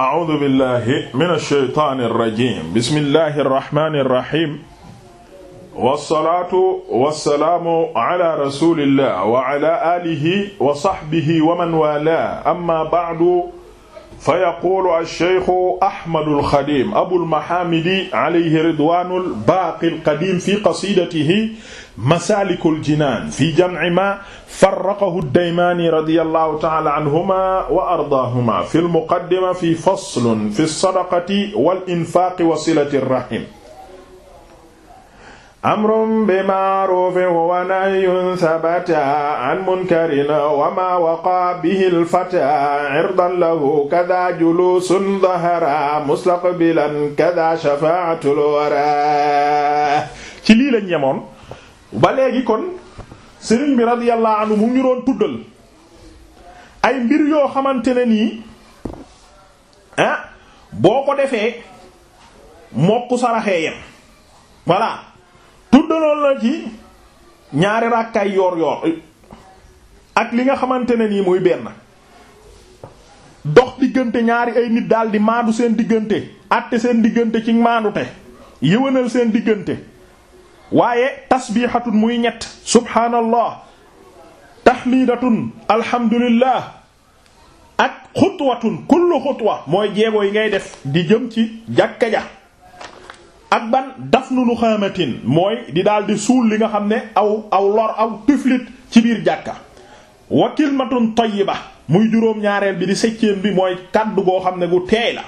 a'uudu billahi mina shaytaani rajiim bismillahi rahmaani rahiim. wasalaatu wasalaamu ala rasulillah wa ala alihi wa sahbihi wa man waalaahu amma ba'du. fa yaquulu alceykhu ahmadu alxadim abulmahamidi alayhi ridwanu lbaaqi alqadim fi qasidatihi masaliku aljinaan fi jamci ma faraqahu ddaymaani radi allahu taala anhuma w ardaahuma fi lmuqaddima fi faslun fi lsadaqati walinfaaqi wa silati rrahim amrun bi ma'rufin wa nahyun sabata an munkarin wa ma waqa bihi al-fata lahu kadha julusun dhahara mustaqbilan kadha shafa'atul wara ci lii lañ yemoon kon sëriñ radiyallahu anhu mu tuddal ay mbir yoo xamante ne nii ah boo ko defee mokku saraxee yem tuddaloon la ci ñaari ràkkaay yoor yoor ak li nga xamante ne nii muy benn dox diggante ñaari ay nit daal di maandu seen diggante àtte seen diggante ci maandute yëwanal seen diggante waaye tasbihatun muy ñett subhaanallah tahmidatun alhamdulillah ak xutwatun kullu xutwa mooy jeego yi ngay def di jëm ci jàkka ja ak ban nu dafnu luxaamatin mooy di daal di suul li nga xam ne aw aw lor aw tiflit ci biir jàkka wa kalimatun tayyiba muy juróom-ñaareel bi di septième bi mooy kaddu goo xam ne gu teey la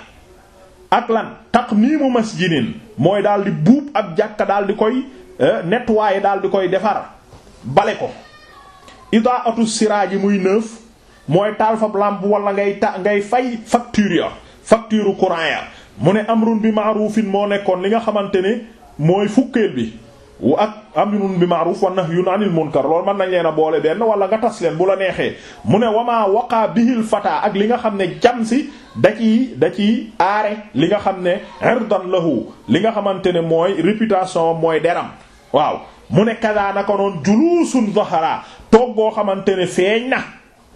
ak lan taqmiimu masjidin mooy daal di buub ak jàkka daal di koy eh, nettoyer daal di koy defar bale ko idaatu siraaji muy neuf mooy taal fab lampe wala ngay ta ngay fay facture ya facture courant ya mu ne amrun bi ma'rufin moo nekkoon li nga xamante ne mooy fukkeel bi ak amrun bi ma'ruf wa nahyun 'anil munkar loolu mën nañ leen a boole benn wala nga tas leen bu la neexee mu ne wamaa waqaa bihil fataa ak li nga xam ne jam si da ciy da ciy aare li nga xam ne irdan lahu li nga xamante ne mooy réputation mooy deram waaw mu ne kadaa naka noon julusun zahara toog xamante ne feeñ na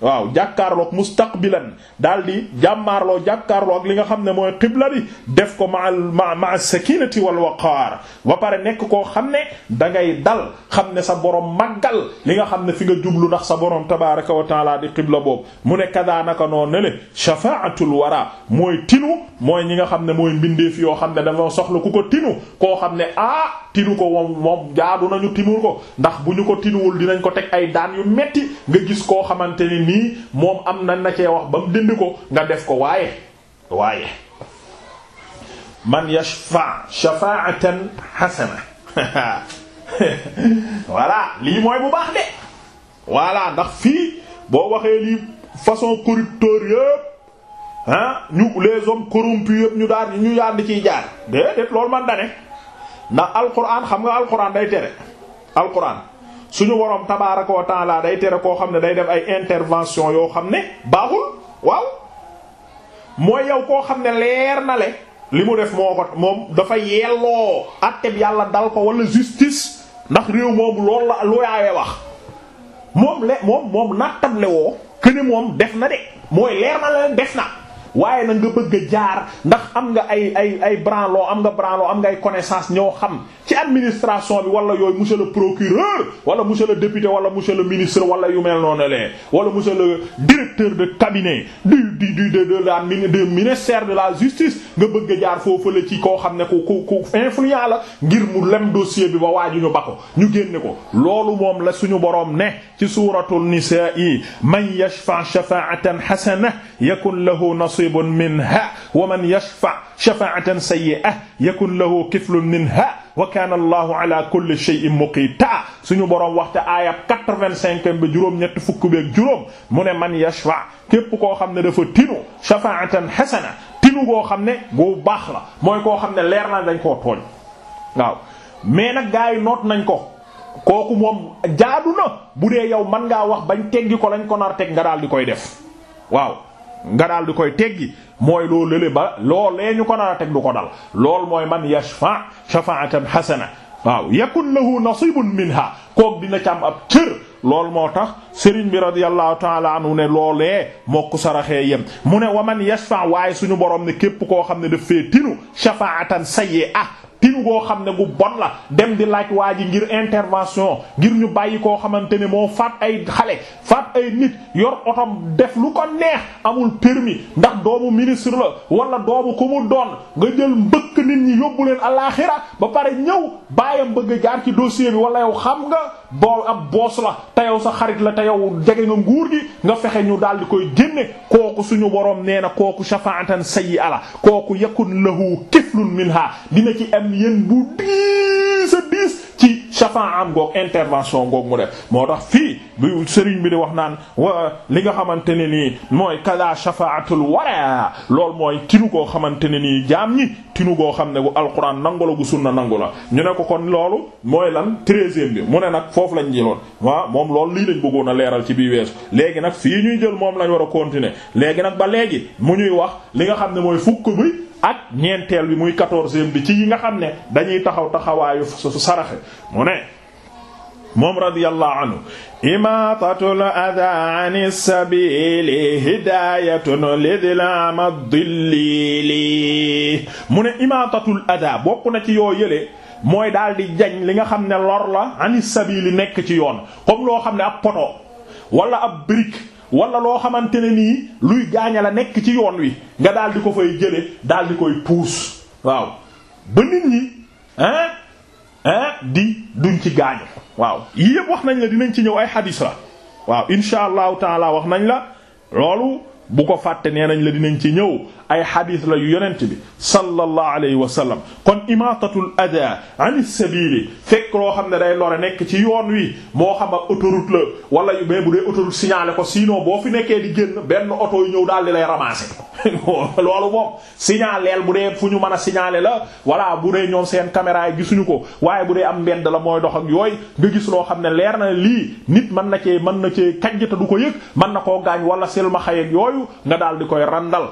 waaw jàkkaarloog mustaqbilan daal di jàmmaarloo jàkkaarloo ak li nga xam ne mooy qibla di def ko ma ma ma sakinati wal waqaar ba pare nekk koo xam ne da ngay dal xam ne sa borom màggal li nga xam ne fi nga jublu ndax sa borom tabaraka wa taala di qibla boobu mu ne kadaanaka noo ne le shafaatul wara mooy tinu mooy ñi nga xam ne mooy mbindeef yoo xam ne dafa soxla ku ko tinu koo xam ne ah tinu ko moom moom na ñu timul ko ndax bu ñu ko tinuwul dinañ ko teg ay daan yu metti nga gis koo xamante ni nii moom am na na cee wax ba mu dindi ko nga def ko waaye waaye man yashfa shafaatan hasana voilà lii mooy bu baax de voilà ndax fii boo waxee lii façon corrupteur yëpp ah ñu les hommes corrompus yëpp ñu daal ñu yaar di ciy jaar déedéet loolu man dane ndax alquran xam nga alquran day tere alquran suñu borom tabaaraka wa taala day tere koo xam ne day def ay intervention yoo xam ne baaxul waaw mooy yow koo xam ne leer na le li mu def moo ko moom dafa yelloo àtteb yàlla dal ko wala justice ndax réew moom loolu la lu yaayee wax moom le moom moom nattam le woo këne moom def na de mooy leer na la def na waaye nag nga bëgg a jaar ndax am nga ay ay ay branlo am nga branlo am nga ay connaissance ñoo xam ci administration bi wala yooyu monsieur le procureur wala monsieur le député wala monsieur le ministre wala yu mel noonu lee wala monsieur le directeur de cabinet du du du de de la de ministère de la justice nga bëgg jaar foofu la ci koo xam ne ku ku ku influent la ngir mu lem dossier bi ba waaju ñu ba ko ñu génne ko loolu moom la suñu boroom ne ci suuratul nisaa man yashfa' shafa'atan hasana yakun lahu nasir musibun minha wa man yashfa shafa'atan sayyi'atan yakun lahu kiflun minha wa kana allahu ala kulli shay'in muqita suñu boroom waxte aayab quatre-vingt-cinq ba juróom ñetti fukk beeg juróom mu ne man yashfa képp koo xam ne dafa tinu shafa'atan hasana tinu goo xam ne goo baax la mooy koo xam ne leer na dañ koo tooñ waaw mais nag gaa yi noot nañ ko kooku moom jaadu na bu dee yow mën ngaa wax bañ teggi ko lañ ko nar teg nga daal di koy def nga daal di koy teggi mooy loo lële ba loolee ñu ko nar teg du ko dal lool mooy man yashfa shafa'atan hasana waaw yakun lahu nasibun minha kook dina ci am ab cër loolu moo tax sëriñ bi radiyallahu taala anhu ne loolee mokk saraxee yem mu ne wa waman yashfa waaye suñu borom ne képp koo xam ne daf fee tinu shafaatan ah tilu goo xam ne gu bon la dem di laaj waa ji ngir intervention ngir ñu bàyyi koo xamante ne moo faat ay xale faat ay nit yor otom def lu ko neex amul permis ndax doomu ministre la wala doomu ku mu doon nga jël mbëkk nit ñi yóbbu leen alaaxira ba pare ñëw baayam bëgg jaar ci dossier bi wala yow xam nga boo ab boos la te yow sa xarit la te yow jege nga nguur gi nga fexe ñu daal di koy génne kooku suñu borom nee na kooku shafaatan sayyi ala kooku yakun lahu kiflun minha dina ci am yéen bu di shafaa am goog intervention goog mu def moo tax fii bu sëriñ bi di wax naan wa li nga xamante ne nii mooy kada shafaatul wara loolu mooy tinu koo xamante ne nii jaam ñi tinu koo xam ne bu alquran nangu la gu sunna nangu la ñu ne ko kon loolu mooy lan treizième bi mu ne nag foofu lañ jëloon waa moom lool lii lañ bëggoon a leeral ci biir weesu léegi nag fii ñuy jël moom lañ war a continuer léegi nag ba léegi mu ñuy wax li nga xam ne mooy fukk bi ak ñeenteel bi muy quatorzième bi ci yi nga xam ne dañuy taxaw taxawaayu su saraxe mu ne moom radiyallahu anhu imaatatul adaa ani sabili hidaayatun lidlaama dillili mu ne imaatatul adaa bokk na ci yoo yële mooy daal di jañ li nga xam ne lor la ani sabili nekk ci yoon comme loo xam ne ab poto wala ab brique wala loo xamante ne nii luy gaaña la nekk ci yoon wi nga daal di ko fay jële daal di koy puus waaw ba nit ñi hein hein di duñ ci gaañu waaw yii yëpp wax nañ la dinañ ci ñëw ay xadiis la waaw insha allahu taala wax nañ la loolu bu ko fàtte nee nañ la dinañ ci ñëw ay xadis la yu yenent bi sallallahu alayhi wa sallam kon imaatatul ada an sabili fekk loo xam ne day lore nekk ci yoon wi moo xam ak autoroute la wala yu mais bu dee autoroute signalé ko sinon boo fi nekkee di génn benn oto yu ñëw daal di lay ramasser loolu moom signaleel bu dee fu ñu mën a signaler la voilà bu dee ñoom seen caméra yi gisuñu ko waaye bu dee am mbend la mooy dox ak yooyu nga gis loo xam ne leer na lii nit mën na cee mën na cee kajjata du ko yëg mën na koo gaañ wala silmaxa yeeg yooyu nga daal di koy randal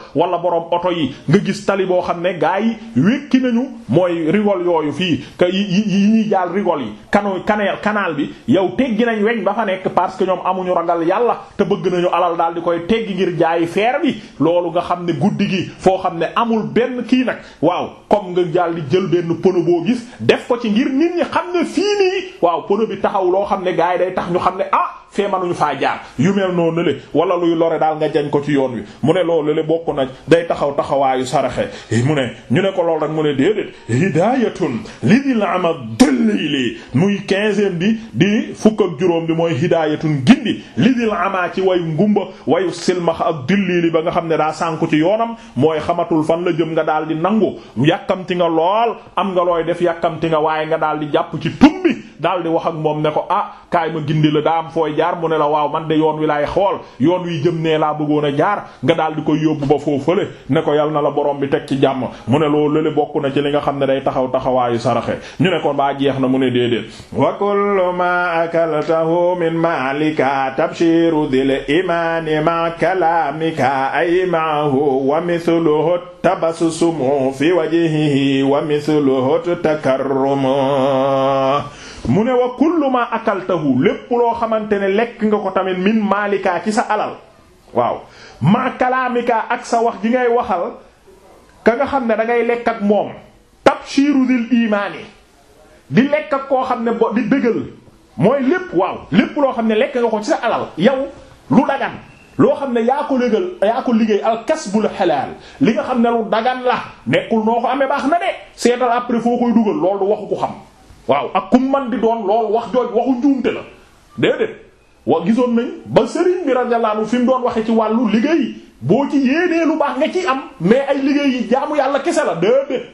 borom oto yi nga gis tali boo xam ne gaa yi wékki nañu mooy rigol yooyu fii ka yi ñuy jaal rigol yi kano kaneel kanaal bi yow teggi nañ weñ ba fa nekk parce que ñoom amuñu ragal yàlla te bëgg nañu alal daal di koy teggi ngir jaayi feer bi loolu nga xam ne guddi gi foo xam ne amul benn kii nag waaw comme nga daal di jël benn pono boo gis def ko ci ngir nit ñi xam ne fii nii waaw pono bi taxaw loo xam ne gaa yi day tax ñu xam ne ah fee manuñu faa jaar yu mel noonu wala luy lore daal nga jañ ko ci yoon wi mu ne loolu le bokk na day taxaw taxawaayu saraxe mu ne ñu ne ko lool rek mu ne déedéet hidayatun li la am ama dëllili muy quinzième bi di fukk ak juróom bi mooy hidayatun gindi li di la amaa ci wayu ngumba wayu silmax ak dëllili ba nga xam ne daa sànku ci yoonam mooy xamatul fan la jëm nga daal di nangu yàkkamti nga lool am nga looy def yàkkamti nga waaye nga daal di jàpp ci tumbi daal moom ne ko ah kaay jaar mu la waaw man de yoon wi laay xool yoon wi jëm nee laa bëggoon a jaar nga daal di koy yóbbu ba foofu fële ne ko yal na la borom bi teg ci jàmm mu ne loolu lële bokk na ci li nga xam ne day taxaw taxawaayu saraxe ñu ne kon baa jeex na mu ne déedéet wa kullu ma akaltahu min maalika tabshiru dil imani ma kalamika ay maahu wa mithluhu tabassumu fi wajhihi wa mithluhu takarrum mu ne wa kullu ma akaltahu lépp loo xamante ne lekk nga ko tamit min maalikaa ci sa alal waaw ma kalaamikaa ak sa wax ji ngay waxal ka nga xam ne da ngay lekk ak moom tabshiru dil imaani di lekk ak koo xam ne bo di bëggal mooy lépp waaw lépp loo xam ne lekk nga ko ci sa alal yow lu dagan loo xam ne yaa ko légal yaa ko liggéey al kasbul xalaal li nga xam ne lu dagan la nekkul noo ko amee baax na de seetal après foo koy dugal loolu waxu ko xam waaw ak kum man di doon lool wax jooj waxu njuumte la déedéet wa gisoon nañ ba sëriñ bi radiyallahu fi mu doon waxe ci wàllu liggéey boo ci yéenee lu baax nga ciy am mais ay liggéey yi jaamu yàlla kese la déedéet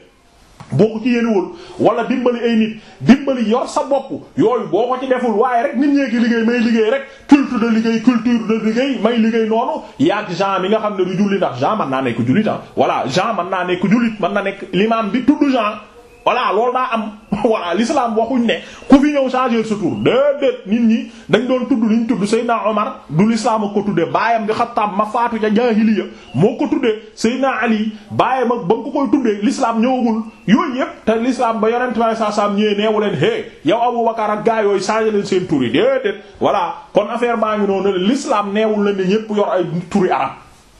boo ko ci yéenewul wala dimbali ay nit dimbali yor sa bopp yooyu boo ko ci deful waaye rek nit ñee ngi liggéey may liggéey rek culture de liggéey culture de liggéey may liggéey noonu yaag Jean mi nga xam ne du julli ndax Jean mën naa nekk jullit ah voilà Jean naa nekk jullit mën na nekk l'imam bi tudd Jean voilà loolu daa am voilà l'islam waxuñ ne ku fi ñëw changer sa tur déedéet nit ñi dañ doon tudd li tudd Seydina Omar du l'islam ak ko tuddee baayam di Xattaab ma faatu ca jaahiliya moo ko tuddee Seydina Ali baayam ak ba nga ko koy tuddee l'islam ñëwagul yooyu yëpp te l'islam ba yonent bi saa saam ñëwee neewu leen hey yow Abu Bakar ak gaa yooyu changer leen seen tur yi déedéet voilà kon affaire baa ngi noonu l'islam neewul leen ne ñëpp yor ay turi arab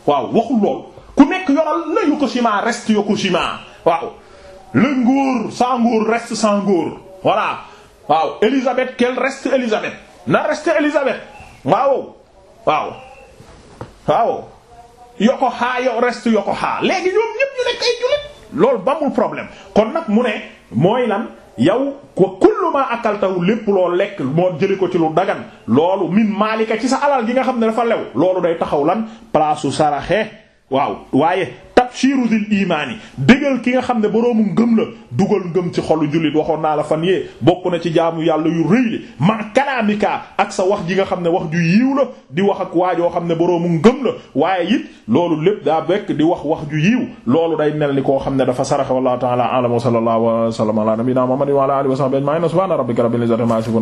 waaw waxul le nguur sans ngóor reste sans nguur voilà waaw Élisabeth qu'elle reste Élisabeth na reste Élisabeth waaw waaw waaw yoko xaa yo reste yoko ñoom ñëpp ñu nekk ay jullit loolu ba problème kon nag mu ne mooy lan yow ko kullu ma akaltahu lépp loo lekk moo jëli ko ci lu dagan loolu min maalika ci sa alal gi nga xam ne dafa lew loolu day taxaw lan place su saraxe waaw waaye tabshiru dil imaan yi bégal ki nga xam ne boroomu ngëm la dugal ngëm ci xolu jullit waxoon naa la fan yee bokk na ci jaamu yàlla yu rëy li ma kalaamika ak sa wax ji nga xam ne wax ju yiiw la di wax ak waajoo xam ne boroomu ngëm la waaye it loolu lépp daa bekk di wax wax ju yiiw loolu day mel ni koo xam ne dafa saraxe wallahu ta'ala wa sallallahu wa sallam ala wa ala alihi wa sahbihi ajma'in subhana rabbika rabbil izzati amma yasifun